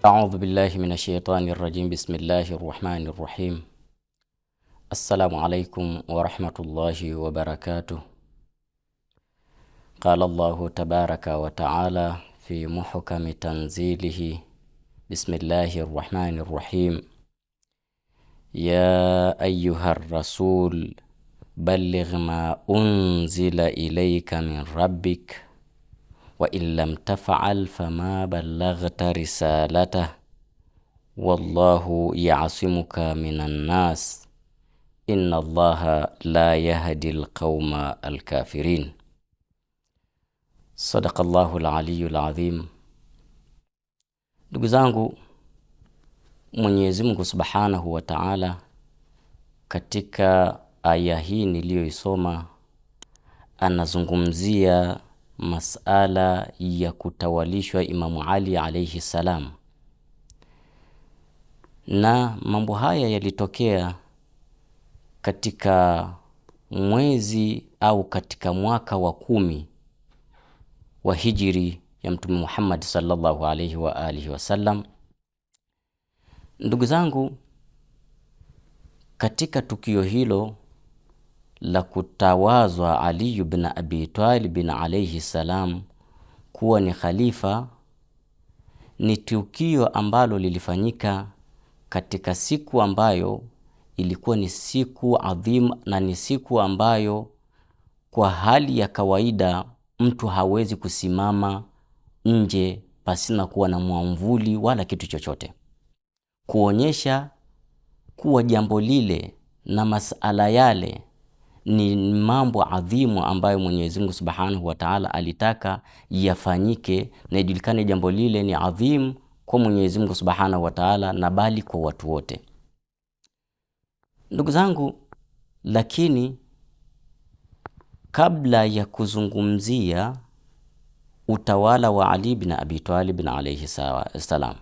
أعوذ بالله من الشيطان الرجيم بسم الله الرحمن الرحيم السلام عليكم ورحمة الله وبركاته قال الله تبارك وتعالى في محكم تنزيله بسم الله الرحمن الرحيم يا أيها الرسول بلغ ما أنزل إليك من ربك wa in lam tafal fama ballaghta risalatah wallahu yaasimuka minan nas inna allaha la yahdi alqauma alkafirin. Sadaqa llahu alaliyu alazim. Ndugu zangu, Mwenyezi Mungu subhanahu wa taala katika aya hii niliyoisoma anazungumzia masala ya kutawalishwa Imamu Ali alaihi salam, na mambo haya yalitokea katika mwezi au katika mwaka wa kumi wa hijiri ya Mtume Muhammad sallallahu alaihi wa alihi wasallam. Ndugu zangu, katika tukio hilo la kutawazwa Ali bin Abi Talib alayhi salam kuwa ni khalifa ni tukio ambalo lilifanyika katika siku ambayo ilikuwa ni siku adhim na ni siku ambayo kwa hali ya kawaida mtu hawezi kusimama nje pasina kuwa na mwamvuli wala kitu chochote, kuonyesha kuwa jambo lile na masala yale ni mambo adhimu ambayo Mwenyezi Mungu Subhanahu wa Ta'ala alitaka yafanyike na ijulikane jambo lile ni adhimu kwa Mwenyezi Mungu Subhanahu wa Ta'ala na bali kwa watu wote. Ndugu zangu, lakini kabla ya kuzungumzia utawala wa Ali bin Abi Talib alayhi salam,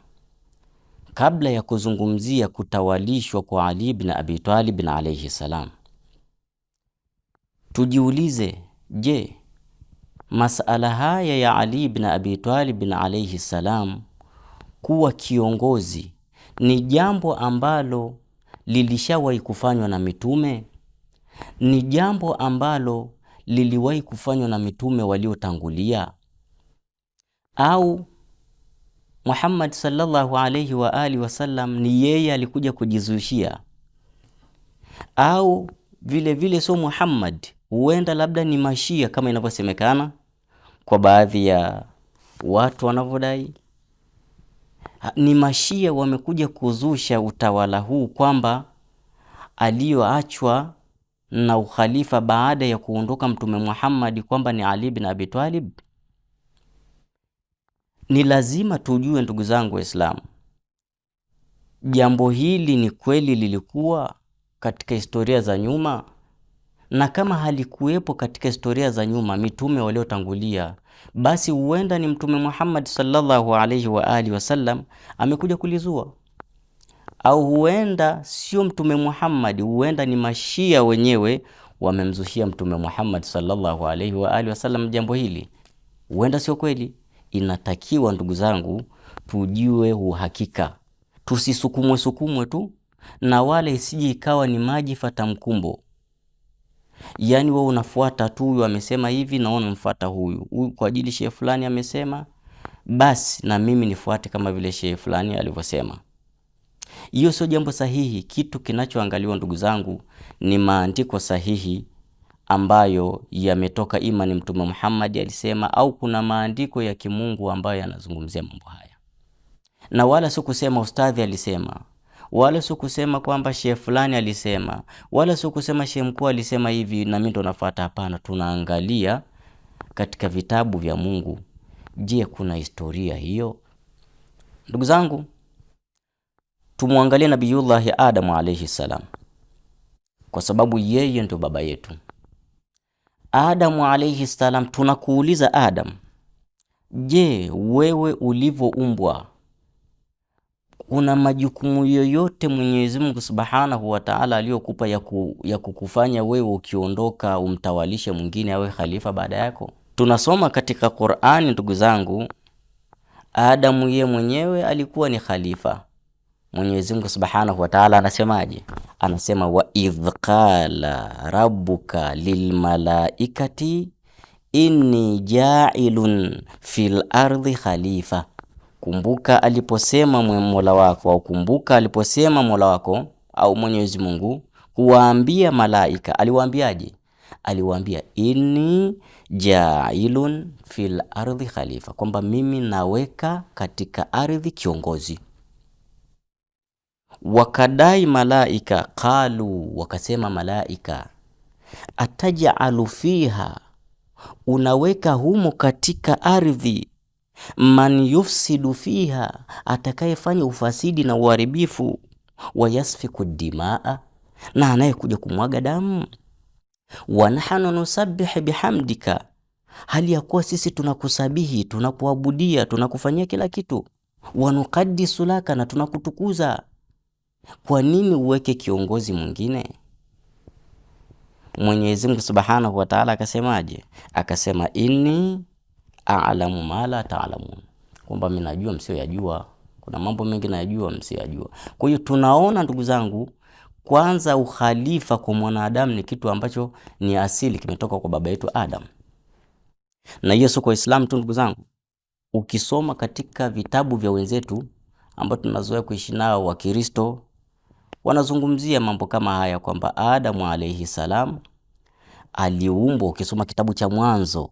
kabla ya kuzungumzia kutawalishwa kwa Ali bin Abi Talib alayhi salam Tujiulize, je, masala haya ya Ali bin Abi Talib bin alayhi salam kuwa kiongozi ni jambo ambalo lilishawahi kufanywa na mitume? Ni jambo ambalo liliwahi kufanywa na mitume waliotangulia? Au Muhammad sallallahu alayhi wa alihi wasallam ni yeye alikuja kujizushia? Au vile vile so Muhammad huenda labda ni mashia kama inavyosemekana kwa baadhi ya watu wanavyodai. Ni mashia wamekuja kuzusha utawala huu kwamba aliyoachwa na ukhalifa baada ya kuondoka Mtume Muhammad kwamba ni Ali bin Abi Talib. Ni lazima tujue, ndugu zangu Waislamu, jambo hili ni kweli lilikuwa katika historia za nyuma na kama halikuwepo katika historia za nyuma mitume waliotangulia, basi huenda ni Mtume Muhammad sallallahu alaihi wa alihi wasallam amekuja kulizua, au huenda sio Mtume Muhammad, huenda ni mashia wenyewe wamemzushia Mtume Muhammad sallallahu alaihi wa alihi wasallam jambo hili, huenda sio kweli. Inatakiwa ndugu zangu, tujue uhakika, tusisukumwe sukumwe tu na wala isije ikawa ni maji fata mkumbo Yaani wewe unafuata tu huyu amesema hivi na wewe unamfuata huyu. Huyu kwa ajili shehe fulani amesema, basi na mimi nifuate kama vile shehe fulani alivyosema. Hiyo sio jambo sahihi. Kitu kinachoangaliwa ndugu zangu ni maandiko sahihi ambayo yametoka ima ni Mtume Muhammad alisema, au kuna maandiko ya kimungu ambayo yanazungumzia mambo haya, na wala sio kusema ustadhi alisema wala si kusema kwamba shehe fulani alisema, wala si kusema shehe mkuu alisema hivi na mimi ndo nafuata. Hapana, tunaangalia katika vitabu vya Mungu. Je, kuna historia hiyo? Ndugu zangu, tumwangalie Nabiyullahi Adamu alayhi salam, kwa sababu yeye ndio baba yetu. Adamu alayhi salam, tunakuuliza adam je, wewe ulivyoumbwa una majukumu yoyote Mwenyezi Mungu Subhanahu wa Ta'ala aliyokupa ya, ku, ya kukufanya wewe ukiondoka umtawalishe mwingine awe khalifa baada yako? Tunasoma katika Qur'ani ndugu zangu, Adamu ye mwenyewe alikuwa ni khalifa. Mwenyezi Mungu Subhanahu wa Ta'ala anasemaje? Anasema wa idh qala rabbuka lilmalaikati inni ja'ilun fil ardi khalifa kumbuka aliposema Mola wako au kumbuka aliposema Mola wako au Mwenyezi Mungu kuwaambia malaika, aliwaambiaje? Aliwaambia inni jailun fil ardhi khalifa, kwamba mimi naweka katika ardhi kiongozi. Wakadai malaika, qalu, wakasema malaika, atajalu fiha, unaweka humo katika ardhi man yufsidu fiha, atakayefanya ufasidi na uharibifu, wayasfiku dimaa, na anayekuja kumwaga damu. nahnu nusabbihu bihamdika, hali ya kuwa sisi tunakusabihi, tunakuabudia, tunakufanyia kila kitu. nuqaddisu laka, na tunakutukuza. Kwa nini uweke kiongozi mwingine? Mwenyezi Mungu subhanahu wa taala akasemaje? Akasema inni a'lamu mala taalamun, kwamba mimi najua msiyoyajua, kuna mambo mengi nayajua msiyoyajua. Kwa hiyo tunaona ndugu zangu, kwanza ukhalifa kwa mwanadamu ni kitu ambacho ni asili, kimetoka kwa baba yetu Adam, na hiyo sio kwa Uislamu tu ndugu zangu. Ukisoma katika vitabu vya wenzetu ambao tunazoea kuishi nao Wakristo wanazungumzia mambo kama haya kwamba Adamu alaihi salam aliumbwa, ukisoma kitabu cha Mwanzo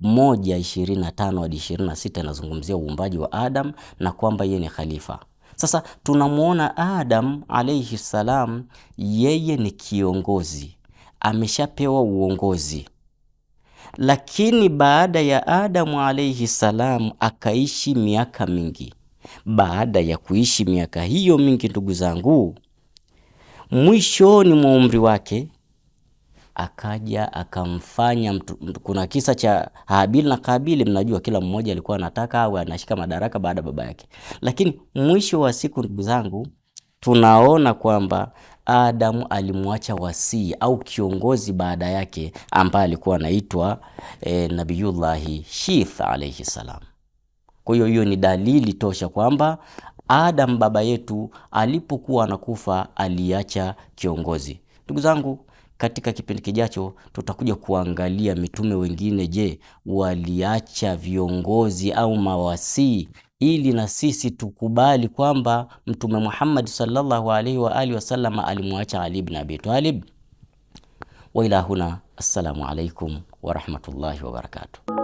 moja ishirini na tano hadi ishirini na sita inazungumzia uumbaji wa Adam na kwamba yeye ni khalifa. Sasa tunamwona Adam alaihi salam, yeye ni kiongozi, ameshapewa uongozi, lakini baada ya Adamu alaihi salam akaishi miaka mingi. Baada ya kuishi miaka hiyo mingi, ndugu zangu, mwishoni mwa umri wake akaja akamfanya mtu. Kuna kisa cha Habili na Kabili, mnajua kila mmoja alikuwa anataka awe anashika madaraka baada baba yake. Lakini mwisho wa siku, ndugu zangu, tunaona kwamba Adamu alimwacha wasii au kiongozi baada yake ambaye alikuwa anaitwa e, Nabiyullahi Shith alayhi salam. Kwa hiyo hiyo ni dalili tosha kwamba Adam baba yetu alipokuwa anakufa aliacha kiongozi. Ndugu zangu, katika kipindi kijacho, tutakuja kuangalia mitume wengine. Je, waliacha viongozi au mawasii ili na sisi tukubali kwamba Mtume Muhammad sallallahu alaihi wa alihi wasallam alimwacha Ali ibn Abi Talib. Wa ila huna, assalamu alaikum wa rahmatullahi wa barakatuh.